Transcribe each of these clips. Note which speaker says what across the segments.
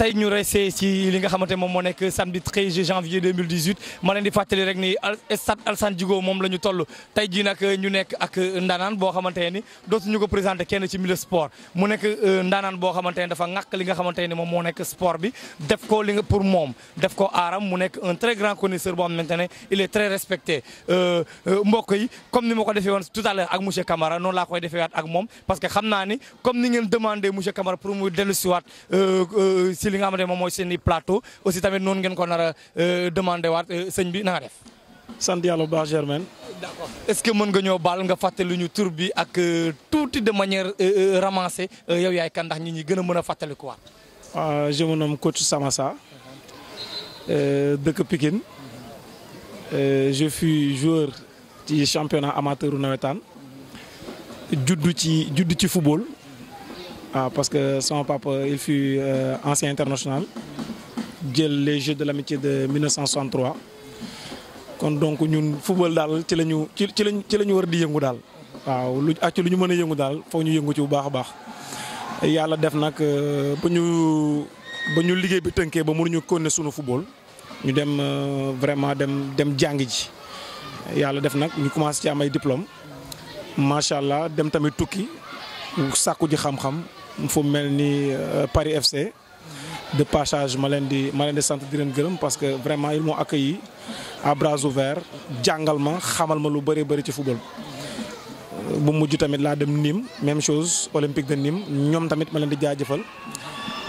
Speaker 1: tey ñu resee ci li nga xamante moom moo nekk samedi 13 janvier 2018 ma leen di fàttali rek ni stade Alassane Djigo moom la ñu toll tey jii nag euh, ñu nekk ak euh, ndaanaan boo xamante ne ni dootuñu ko présenté kenn ci milieu sport mu nekk euh, ndaanaan boo xamante ne dafa ŋàkk li nga xamante ne moom moo nekk sport bi def ko li nga pour moom def ko aaram mu nekk un très grand connaisseur boo xamante ne il est très respecté mbokk yi comme ni ma ko defee woon tout à l'heure ak monsieur Camara noonu laa koy defee waat ak li nga xamante ne moom mooy seen i plateau aussi tamit noonu ngeen ko nar a euh, demandé waat euh, sëñ bi na nga def.
Speaker 2: sant yàlla baax Germaine.
Speaker 1: est-ce que mën nga ñoo baal nga fàttali ñu tur bi ak euh, tuuti de manière ramassée yow yaay kan ndax nit ñi gën a mën a fàttalikuwaat.
Speaker 2: waaw ah, je me nomme coach Samassa. dëkk Pikine. je suis joueur ci championnat amateur nawetaan. juddu ci juddu ci football. waaw ah, parce que son papa il fut euh, ancien international jël les Jeux de la l'amitié de 1963 kon donc ñun football daal ci la ñu ci ci lañ ci la ñu war di yëngu daal waaw lu acc lu ñu mën a yëngu daal foog ñu yëngu ci bu baax a baax yàlla def nag euh, ba ñu ba liggéey bi tënkee ba ñu kone sunu football ñu dem euh, vraiment dem dem jàng ji yàlla def nag ñu commencé ci am ay diplôme macha allah dem tamit tukki sàkku ji xam-xam fu mel nii euh, Paris FC de passage ma leen di ma leen di sant di leen gërëm parce que vraiment ils m'ont accueilli à bras ouverts jàngal ma xamal ma lu bëri bëri ci football. Euh, bu mujj tamit laa dem Nîmes même chose olympique de Nîmes ñoom tamit ma leen di jaajëfal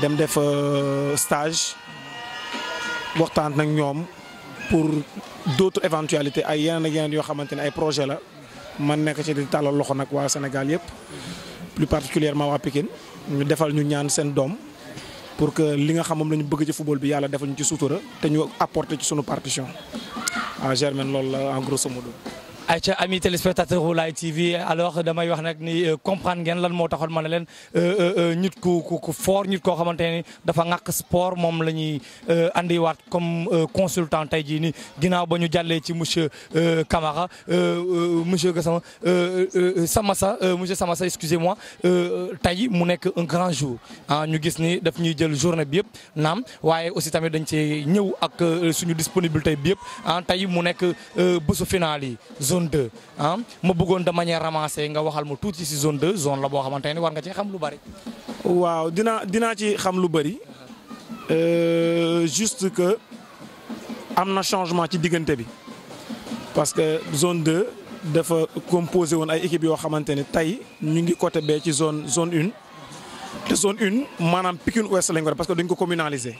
Speaker 2: dem def euh, stage waxtaan nag ñoom pour d'autres éventualités ay yeneen ak yeneen yoo xamante ne ay projet la man nekk ci di tàllal loxo nag waa Sénégal yëpp. plus particulièrement waa Pikine ñu defal ñu ñaan seen doom pour que li nga xam moom la bëgg ci football bi yàlla defal ñu ci sutura te ñu apporter ci suñu partition ah Germaine loolu la en grosso
Speaker 1: ayca amis téléspectateurs wu Laye TV alors damay wax nag ni euh, comprendre ngeen lan moo taxoon ma ne leen euh, euh, nit ku ku ku fort nit koo xamante ni dafa ŋàkk sport moom la ñuy andiwaat comme consultant tey jii nii ginnaaw ba ñu jàllee ci monsieur Camara monsieur Gassama Samassa monsieur Samassa excusez-moi tey mu nekk un grand jour ah ñu gis ni daf ñuy jël journée bi yëpp naam waaye aussi tamit dañ cee ñëw ak suñu disponibilité bi yëpp ah tey mu nekk bésu final yi zone 2 ah ma bëggoon de manière ramassée nga waxal ma tuuti si zone 2 zone la boo xamante ne war nga cee xam lu bari.
Speaker 2: waaw dinaa dinaa ci xam lu bari euh, juste que am na changement ci diggante bi parce que zone de dafa composé woon ay équipes yoo xamante ne tey ñu ngi côté bee ci zone zone une te zone une maanaam Pikine Ouest lañ ko def parce que dañ ko communaliser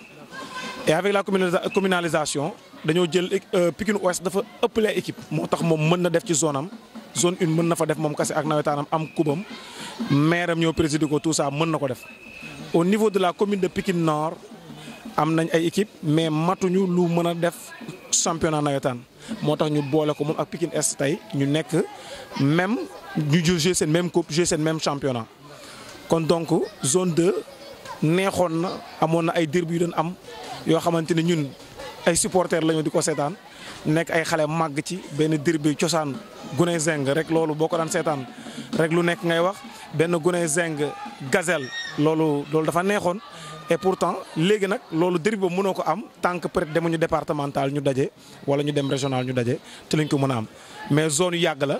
Speaker 2: et avec la communalisation. dañoo jël euh, Pikine Ouest dafa ëppale équipe. moo tax moom mën na def ci zone am zone une mën na fa def moom kase ak nawetaanam am kubam maire am ñoo présider ko tout ça mën na ko def au niveau de la commune de Pikine Nord am nañ ay équipe mais matuñu lu mën a def championnat nawetaan moo tax ñu boole ko moom ak Pikine Est tey ñu nekk même ñu joué seen même coupe seen même championnat kon donc zone de neexoon na amoon na ay derby yu am yoo xamante ne ñun. ay supporters lañu di ko seetaan nekk ay xale màgg ci benn derby cosaan gune zeng rek loolu boo ko daan seetaan rek lu nekk ngay wax benn gune zeng gazel loolu loolu dafa neexoon. et pourtant léegi nag loolu derby boo mënoo ko am tant que peut ñu demuñu départemental ñu daje wala ñu dem régional ñu daje te lañ ko mën a am mais zone yu yàgg la.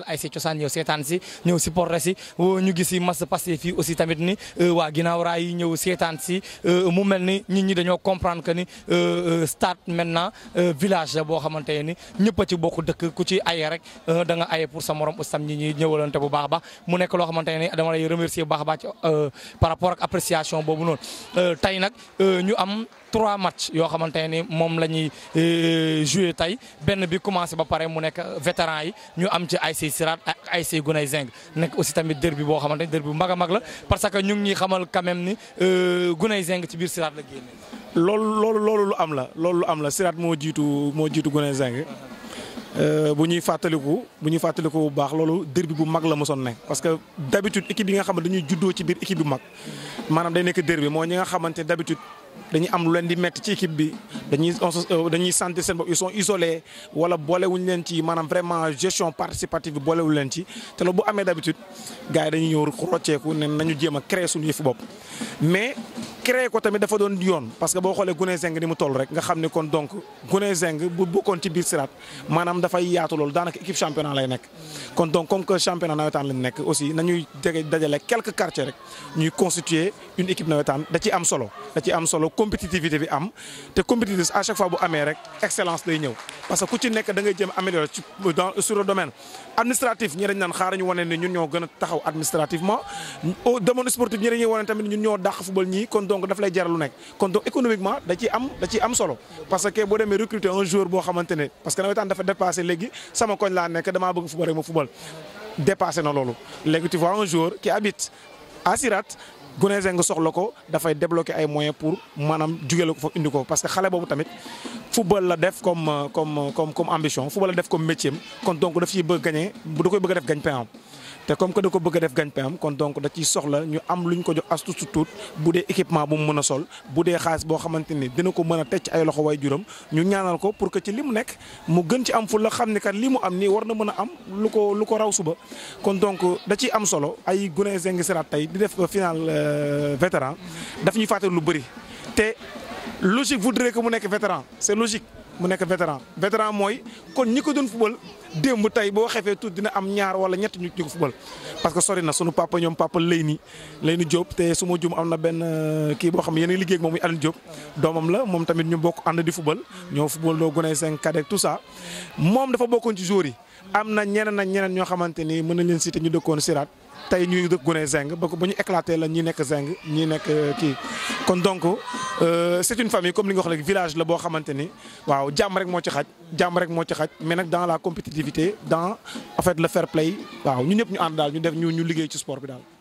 Speaker 1: teel ay si cosaan ñëw seetaan si ñëw supporter si ñu gis si mas passé fii aussi tamit ni euh, waa ginnaaw ñëw seetaan si euh, mu mel ni nit ñi dañoo comprendre que ni euh, stade maintenant village la boo xamante ni ñëpp a ci bokk dëkk ku ci aye rek da nga aye pour sa morom ustam ñi ñi ñëwalante bu baax baax mu nekk loo xamante ne dama lay remercier bu baax baax par rapport appréciation boobu noonu tey nag ñu am trois matchs yoo xamante ni moom la ñuy jouer tey benn bi commencé ba pare mu nekk vétéran yi ñu am ci ay ASC Sirat ak Gunay Zing nekk aussi tamit derby boo xamante ne derby bu mag a mag la que ñu ngi ñuy xamal quand même ni euh, Gunay Zing ci biir Sirat am
Speaker 2: la loolu lu la Sirat moo jiitu moo jiitu Gunay Zing euh, bu ñuy fàttaliku bu ñuy fàttaliku bu baax loolu derby bu mag la mosoon ne parce que d'habitude équipe yi nga xam ne dañuy juddoo ci biir équipe bu mag maanaam day nekk derby moo ñi nga xamante ne d'habitude dañuy am leen di métti ci équipe bi dañuy euh, dañuy sentir seen bopp ils sont isolés wala boolewuñ leen ci maanaam vraiment gestion participative bi boolewuñ leen ci te loolu bu amee d'habitude gars yi dañuy ñëw rocceeku ne nañu jéem a créer suñu yëfu bopp mais créer ko tamit dafa doon yoon parce que boo xoolee Gune Zeng ni mu toll rek nga xam ne kon donc Gune Zeng bu bokkoon ci biir Siraat maanaam dafay yaatu loolu daanaka équipe championnat lay nekk kon donc comme que championnat nawetaan lañ nekk aussi nañuy dajale quelques quartiers rek ñuy constituer une nawetaan da ci am solo ci am solo compétitivité bi am te compétitivité à chaque fois bu amee rek excellence day ñëw parce que ku ci nekk da ngay jéem sur le domaine administratif ñi wane ne ñun ñoo gën a taxaw administrativement au domaine sportif ñi wane tamit ñun ñoo dàq football ñii kon donc daf lay jaral nekk kon donc économiquement da am solo parce que boo demee recruter un joueur boo xamante parce que nawetaan dafa dépassé léegi sama koñ laa nekk damaa Gune Seng soxla ko dafay débloquer ay moyens pour maanaam jugale ko foofu indi ko parce que xale boobu tamit football la def comme euh, comme euh, comme comme ambition football la def comme métier kon donc daf ciy bëgg gagné bu da koy bëgg a def gagne-pain te comme que da ko bëgg a def gagne-pain am kon donc da ciy soxla ñu am luñ ko jox astu su tuut bu dee équipement bu mu mën a sol bu dee xaalis boo xamante ni dina ko mën a tecc ay loxo waay juram ñu ñaanal ko pour que ci li mu nekk mu gën ci am fu la xam ne kat li mu am ni war na mën a am lu ko lu ko raw suba kon donc da ciy am solo ay gune zingi siraat tey di def final euh, vétéran daf ñuy fàtte lu bëri te logique voudrait que mu nekk vétéran c'est logique mu nekk vétéran vétéran mooy kon ñi ko doon football démb tey boo xefee tuut dina am ñaar wala ñett ñu ñu ko football parce que sori na sunu papa ñoom papa lay ni lay ni te suma ma jum am na benn euh, kii boo xam ne yéen a liggéey ak moom muy Alioune Diop doomam la moom tamit ñu bokk ànd di football ñoo football doo gone cinq cadet tout ça moom dafa bokkoon ci joueurs yi am na ñeneen ak ñeneen ñoo xamante ni mën nañ leen citer ñu dëkkoon Siraat tey ñuy dëkk gune zeng ba ñu éclaté la ñi nekk zeng ñi nekk euh, kii kon donc euh, c'est une famille comme li nga wax léegi village la boo xamante ni waaw jàmm rek moo ci xaj jàmm rek moo ci xaj mais nag dans la compétitivité dans en fait le fair play waaw ñu ñëpp ñu ànd daal ñu def ñu ñu liggéey ci sport bi daal